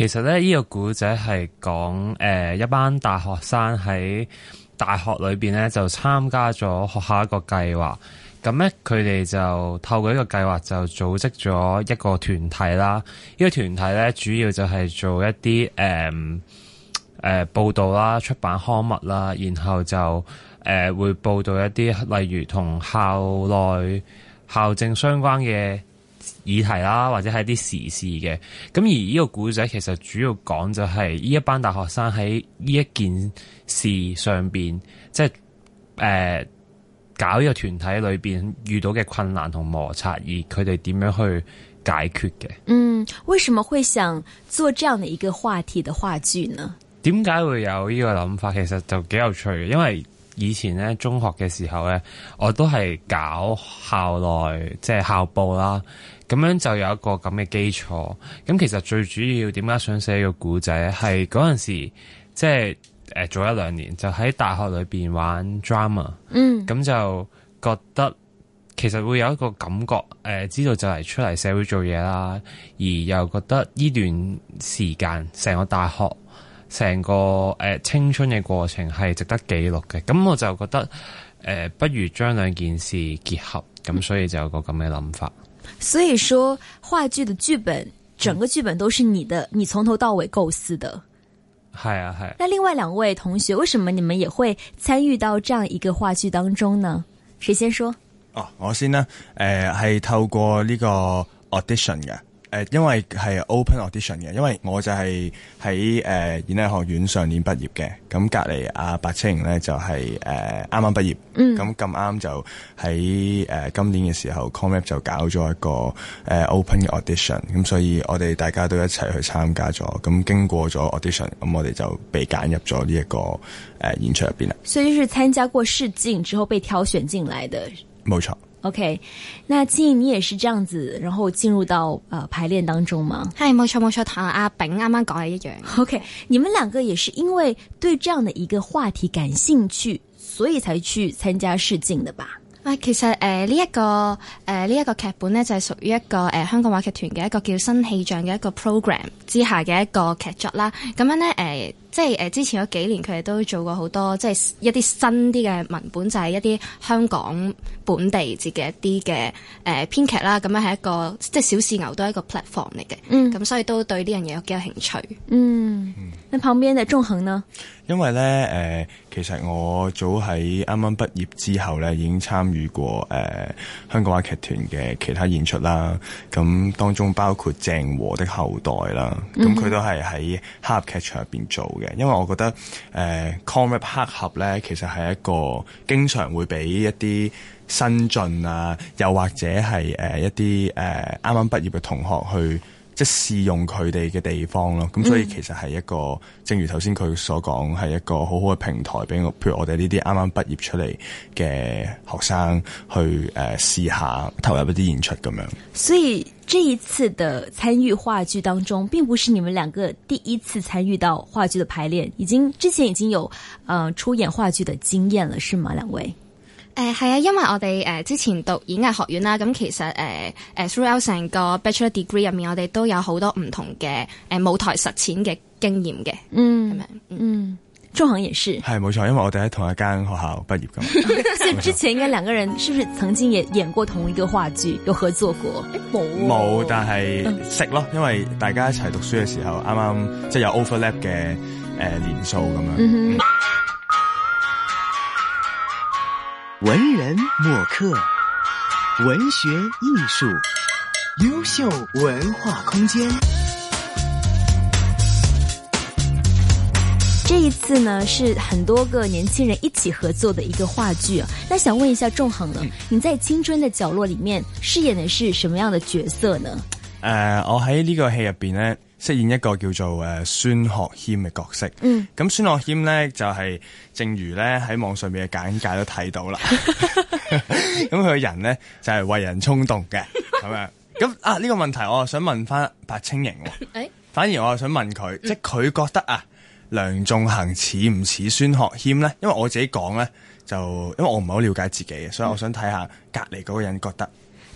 其實咧，呢、這個故仔係講誒、呃、一班大學生喺大學裏邊咧就參加咗學校一個計劃，咁咧佢哋就透過呢個計劃就組織咗一個團體啦。呢、這個團體咧主要就係做一啲誒誒報道啦、出版刊物啦，然後就誒、呃、會報道一啲例如同校內校政相關嘅。議題啦，或者係啲時事嘅，咁而呢個故仔其實主要講就係呢一班大學生喺呢一件事上邊，即係誒搞呢個團體裏邊遇到嘅困難同摩擦，而佢哋點樣去解決嘅。嗯，為什麼會想做這樣的一個話題嘅話劇呢？點解會有呢個諗法？其實就幾有趣嘅，因為。以前咧，中學嘅時候咧，我都係搞校內即係校報啦，咁樣就有一個咁嘅基礎，咁其實最主要點解想寫個古仔，係嗰陣時即係誒早一兩年，就喺大學裏邊玩 drama 嗯，咁就覺得其實會有一個感覺誒、呃、知道就嚟出嚟社會做嘢啦，而又覺得呢段時間成個大學。成個誒青春嘅過程係值得記錄嘅，咁我就覺得誒、呃，不如將兩件事結合，咁所以就有個咁嘅諗法。 所以說話劇嘅劇本，整個劇本都是你的，你從頭到尾構思的。係 啊係。啊那另外兩位同學，為什麼你們也會參與到這樣一個話劇當中呢？誰先說？哦，我先啦。誒、呃，係透過呢個 audition 嘅。誒、呃，因為係 open audition 嘅，因為我就係喺誒演藝學院上年畢業嘅，咁隔籬阿白青瑩咧就係誒啱啱畢業，咁咁啱就喺誒、呃、今年嘅時候，comap 就搞咗一個誒、呃、open audition，咁所以我哋大家都一齊去參加咗，咁經過咗 audition，咁我哋就被揀入咗呢一個誒、呃、演出入邊啦。所以係參加過試鏡之後被挑選進來嘅。冇錯。OK，那靜，你也是這樣子，然後進入到呃排練當中嗎？嗨，冇錯冇錯，阿炳啱啱講係一樣。OK，你們兩個也是因為對這樣的一個話題感興趣，所以才去參加試鏡的吧？啊，其實誒，呢、呃、一、這個誒呢一個劇本呢，就係、是、屬於一個誒、呃、香港話劇團嘅一個叫新氣象嘅一個 program 之下嘅一個劇作啦。咁樣呢誒。呃即係誒，之前嗰幾年佢哋都做過好多，即係一啲新啲嘅文本，就係、是、一啲香港本地節嘅一啲嘅誒編劇啦。咁樣係一個即係小試牛都係一個 platform 嚟嘅。嗯，咁所以都對呢樣嘢有幾有興趣。嗯。那旁邊嘅縱橫呢？因為咧，誒、呃，其實我早喺啱啱畢業之後咧，已經參與過誒、呃、香港話劇團嘅其他演出啦。咁、嗯、當中包括鄭和的後代啦，咁、嗯、佢都係喺黑盒劇場入邊做嘅。因為我覺得，誒 comedy 黑盒咧，其實係一個經常會俾一啲新進啊，又或者係誒、呃、一啲誒啱啱畢業嘅同學去。即試用佢哋嘅地方咯，咁所以其實係一個，嗯、正如頭先佢所講，係一個好好嘅平台，俾我，譬如我哋呢啲啱啱畢業出嚟嘅學生去誒試、呃、下投入一啲演出咁樣。所以這一次的參與話劇當中，並不是你們兩個第一次參與到話劇嘅排練，已經之前已經有，嗯，出演話劇嘅經驗了，是嗎？兩位？誒，係啊，因為我哋誒之前讀演藝學院啦，咁其實誒誒，throughout 成個 bachelor degree 入面，我哋都有好多唔同嘅誒舞台實踐嘅經驗嘅，嗯，係咪？嗯，中行也是，係冇錯，因為我哋喺同一間學校畢業咁，所以之前嘅兩個人，是不是曾經也演過同一個話劇，有合作過？冇冇、欸啊，但係識咯，因為大家一齊讀書嘅時候，啱啱即係有 overlap 嘅誒、呃、年數咁樣。嗯哼嗯文人墨客，文學藝術，優秀文化空間。這一次呢，是很多個年輕人一起合作的一個話劇啊。那想問一下仲衡呢，你在《青春的角落》裏面飾演的是什麼樣的角色呢？誒、呃，我喺呢個戲入邊呢。飾演一個叫做誒孫、呃、學謙嘅角色，咁孫、嗯、學謙呢，就係、是、正如呢喺網上面嘅簡介都睇到啦，咁佢個人呢，就係、是、為人衝動嘅咁樣，咁 啊呢、這個問題我又想問翻白清瑩、哦，哎、反而我又想問佢，嗯、即係佢覺得啊梁仲恒似唔似孫學謙呢？因為我自己講呢，就因為我唔係好了解自己，所以我想睇下隔籬嗰個人覺得。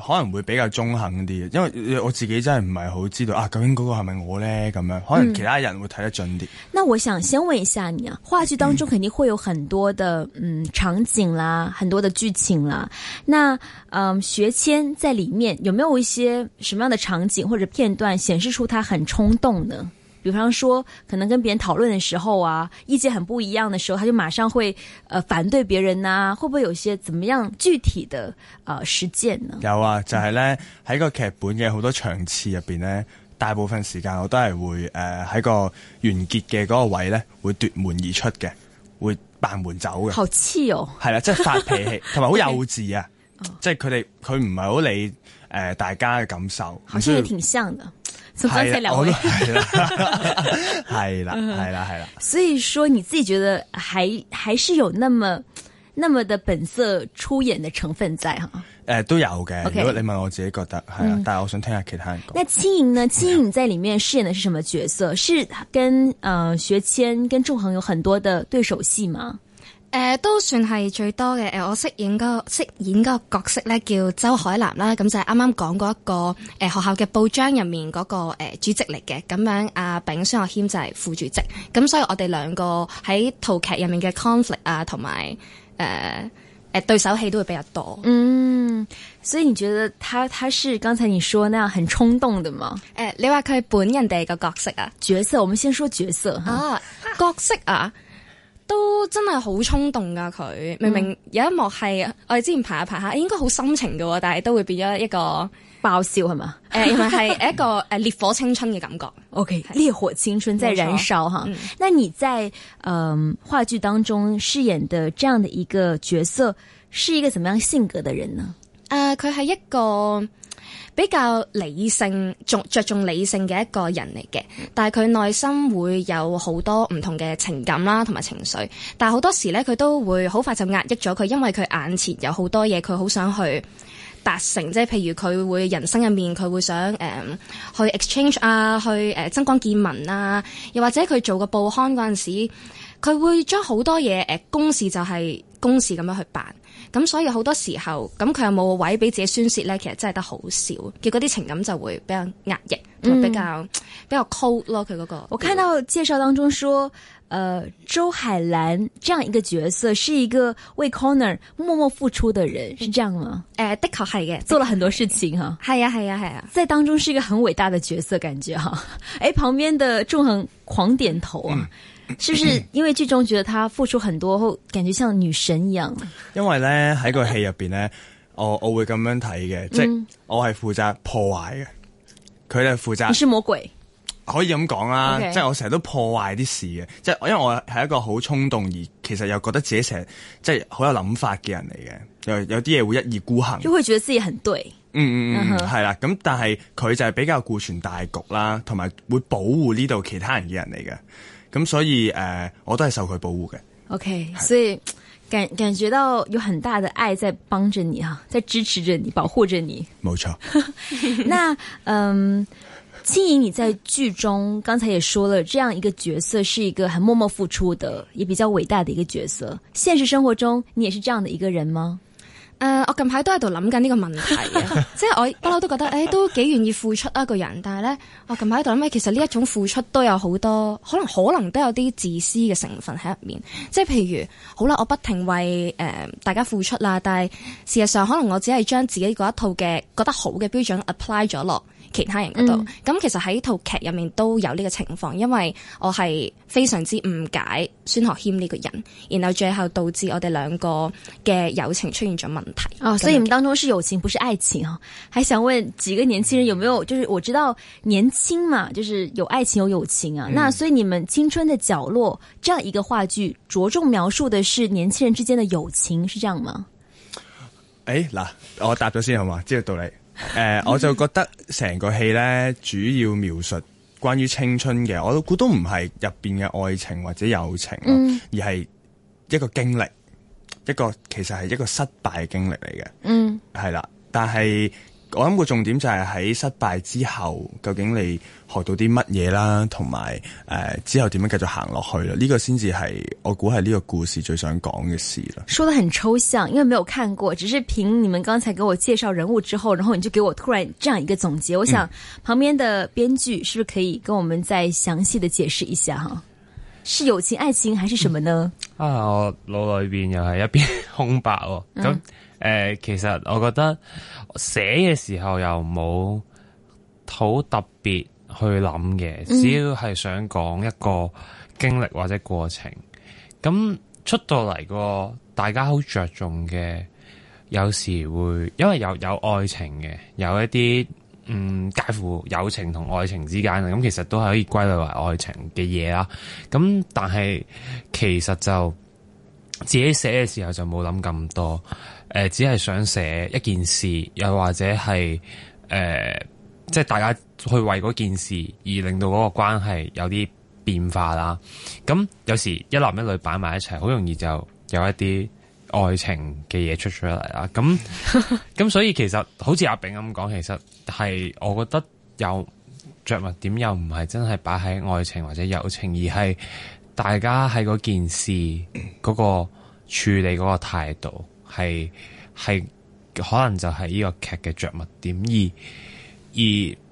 可能會比較中肯啲，因為我自己真係唔係好知道啊，究竟嗰個係咪我呢？咁樣，可能其他人會睇得準啲。嗯。那我想先問一下你啊，話劇當中肯定會有很多的嗯、場景啦，很多的劇情啦。那嗯學謙在裏面有沒有一些什麼樣的場景或者片段顯示出他很衝動呢？比方說，可能跟別人討論的時候啊，意見很不一樣的時候，他就馬上會，誒、呃、反對別人啊，會不會有些怎麼樣具體的啊、呃、實踐呢？有啊，就係、是、呢，喺個劇本嘅好多場次入邊呢，大部分時間我都係會誒喺、呃、個完結嘅嗰個位呢會奪門而出嘅，會扮門走嘅。好氣哦！係 啦、啊，即、就、係、是、發脾氣，同埋好幼稚啊！即係佢哋佢唔係好理誒大家嘅感受。好似也挺像嘅。從剛才兩位是、啊，係啦係啦係啦，所以說你自己覺得還還是有那麼那麼的本色出演的成分在哈？誒、呃、都有嘅，Okay. 如果你問我自己覺得係，是嗯、但係我想聽下其他人講。那青盈呢？青盈在裏面飾演的是什麼角色？ 是跟誒、呃、學謙跟仲恆有很多的對手戲嗎？誒、呃，都算係最多嘅。誒、呃，我飾演嗰飾演個角色咧，叫周海南啦。咁就係啱啱講過一個誒、呃、學校嘅報章入面嗰，那個誒、呃、主席嚟嘅。咁樣阿炳、孫學謙就係副主席。咁所以我哋兩個喺套劇入面嘅 conflict 啊，同埋誒誒對手戲都會比較多。嗯，所以你覺得他他是剛才你說那樣很衝動的嘛。誒、呃，你話佢本人哋一角色啊？角色，我們先說角色哈，啊。角色啊。都真係好衝動噶佢，明明有一幕係、嗯、我哋之前排一排下，應該好深情噶，但係都會變咗一個爆笑係嘛，因為係一個誒烈火青春嘅感覺。O Okay , K，是烈火青春即係燃燒錯哈。那你在嗯、呃、話劇當中飾演的這樣的一個角色，是一個怎麼樣性格的人呢？誒、呃，佢係一個。比較理性，仲着重理性嘅一個人嚟嘅，但係佢內心會有好多唔同嘅情感啦，同埋情緒。但係好多時咧，佢都會好快就壓抑咗佢，因為佢眼前有好多嘢，佢好想去達成，即係譬如佢會人生入面，佢會想誒去 exchange 啊，去誒增廣見聞啊，又或者佢做個報刊嗰陣時，佢會將好多嘢誒公示就係、是。公事咁樣去辦，咁所以好多時候咁佢有冇位俾自己宣泄呢？其實真係得好少，結果啲情感就會比較壓抑，同、嗯、比較比較 cold 咯佢嗰、那個。我看到介紹當中說，誒、呃，周海蘭這樣一個角色，是一個為 Corner 默默付出的人，嗯、是這樣嗎？誒、呃，的確係嘅，做了很多事情哈。係啊，係啊，係啊，即在當中是一個很偉大的角色，感覺哈、啊。誒、 欸，旁邊的縱橫狂點頭啊。嗯。是不是因為劇中覺得他付出很多，後感覺像女神一樣？因為咧喺個戲入邊咧，我我會咁樣睇嘅，嗯、即係我係負責破壞嘅，佢哋係負責。你是魔鬼，可以咁講啦，Okay. 即係我成日都破壞啲事嘅，即係因為我係一個好衝動而其實又覺得自己成日即係好有諗法嘅人嚟嘅，又有啲嘢會一意孤行，就會覺得自己很對。嗯，嗯嗯嗯，係後啦。咁但係佢就係比較顧全大局啦，同埋會保護呢度其他人嘅人嚟嘅。咁、嗯、所以誒、呃、我都係受佢保護嘅。O Okay , K，是所以感感覺到有很大的愛在幫着你啊，在支持着你，保護着你。冇錯。 那嗯，青、呃、瑩你在劇中，剛才也說了，這樣一個角色是一個很默默付出的，也比較偉大的一個角色。現實生活中，你也是這樣的一個人嗎？誒、呃，我近排都喺度諗緊呢個問題， 即係我不嬲都覺得，誒、欸，都幾願意付出一個人，但係咧，我近排喺度諗咧，其實呢一種付出都有好多，可能可能都有啲自私嘅成分喺入面，即係譬如，好啦，我不停為誒、呃、大家付出啦，但係事實上，可能我只係將自己嗰一套嘅覺得好嘅標準 apply 咗落其他人嗰度，咁、嗯、其實喺套劇入面都有呢個情況，因為我係非常之誤解孫學謙呢個人，然後最後導致我哋兩個嘅友情出現咗問題。哦，所以你們當中是友情，不是愛情啊，還想問幾個年輕人，有沒有就是我知道年輕嘛，就是有愛情有友情啊。嗯、那所以你們青春的角落這樣一個話劇，着重描述的是年輕人之間的友情，是這樣嗎？誒、欸，嗱，我答咗先好嘛，跟住到你。誒、呃，我就覺得成個戲呢，主要描述關於青春嘅，我估都唔係入邊嘅愛情或者友情，嗯、而係一個經歷，一個其實係一個失敗嘅經歷嚟嘅。嗯，係啦，但係。我諗個重點就係喺失敗之後，究竟你學到啲乜嘢啦，同埋誒之後點樣繼續行落去啦？呢、這個先至係我估係呢個故事最想講嘅事啦。說得很抽象，因為沒有看過，只是憑你們剛才給我介紹人物之後，然後你就給我突然這樣一個總結。我想旁邊的編劇是不是可以跟我們再詳細的解釋一下？哈、嗯，是友情、愛情還是什麼呢？嗯啊！我腦裏邊又係一片空白喎、哦。咁誒、嗯呃，其實我覺得寫嘅時候又冇好特別去諗嘅，嗯、只要係想講一個經歷或者過程。咁出到嚟個大家好着重嘅，有時會因為有有愛情嘅，有一啲。嗯，介乎友情同愛情之間啊，咁其實都係可以歸類為愛情嘅嘢啦。咁但係其實就自己寫嘅時候就冇諗咁多，誒，只係想寫一件事，又或者係誒，即係大家去為嗰件事而令到嗰個關係有啲變化啦。咁有時一男一女擺埋一齊，好容易就有一啲。愛情嘅嘢出咗嚟啦，咁咁 所以其實好似阿炳咁講，其實係我覺得有着物點又唔係真係擺喺愛情或者友情，而係大家喺嗰件事、嗰個處理嗰個態度，係係可能就係呢個劇嘅着物點，而而。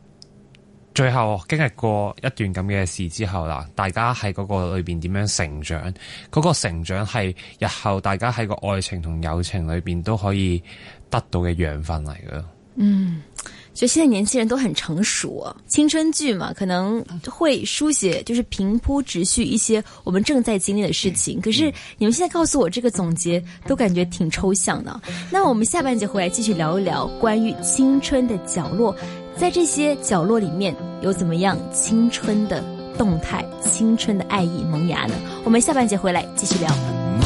最後經歷過一段咁嘅事之後啦，大家喺嗰個裏邊點樣成長？嗰、那個成長係日後大家喺個愛情同友情裏邊都可以得到嘅養分嚟嘅。嗯，所以現在年輕人都很成熟，啊，青春劇嘛，可能會書寫就是平鋪直敘一些我們正在經歷嘅事情。可是你們現在告訴我這個總結，都感覺挺抽象的。那我們下半節回來繼續聊一聊關於青春的角落。在這些角落裏面，有怎麼樣青春的動態、青春的愛意萌芽呢？我們下半節回來繼續聊。